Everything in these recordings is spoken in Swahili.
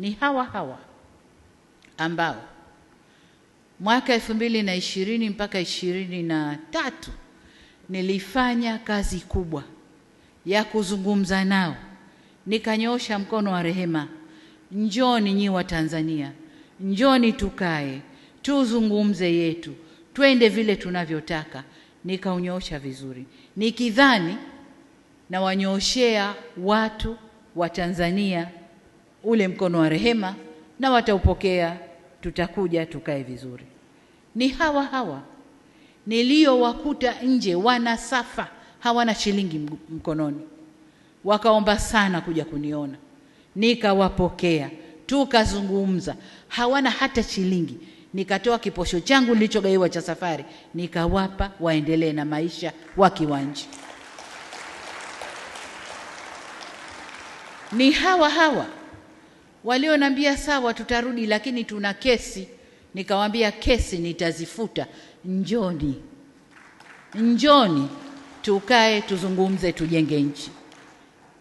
ni hawa hawa ambao mwaka elfu mbili na ishirini mpaka ishirini na tatu nilifanya kazi kubwa ya kuzungumza nao, nikanyosha mkono wa rehema, njoni nyi wa Tanzania, njoni tukae tuzungumze yetu, twende vile tunavyotaka. Nikaunyoosha vizuri, nikidhani nawanyooshea watu wa Tanzania ule mkono wa rehema, na wataupokea, tutakuja tukae vizuri. Ni hawa hawa niliyowakuta nje, wana safa, hawana shilingi mkononi, wakaomba sana kuja kuniona, nikawapokea tukazungumza, hawana hata shilingi. Nikatoa kiposho changu nilichogaiwa cha safari, nikawapa waendelee na maisha wakiwa nje. Ni hawa hawa walionambia sawa, tutarudi lakini tuna kesi. Nikawambia kesi nitazifuta, njoni njoni tukae tuzungumze, tujenge nchi.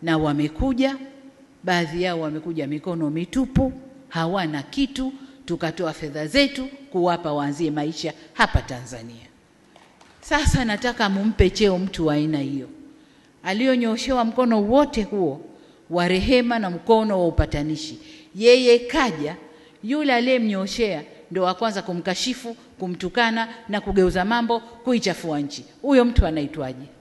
Na wamekuja baadhi yao, wamekuja mikono mitupu, hawana kitu. Tukatoa fedha zetu kuwapa waanzie maisha hapa Tanzania. Sasa nataka mumpe cheo mtu wa aina hiyo, aliyonyoshewa mkono wote huo wa rehema na mkono wa upatanishi. Yeye kaja, yule aliyemnyooshea ndo wa kwanza kumkashifu, kumtukana na kugeuza mambo, kuichafua nchi. Huyo mtu anaitwaje?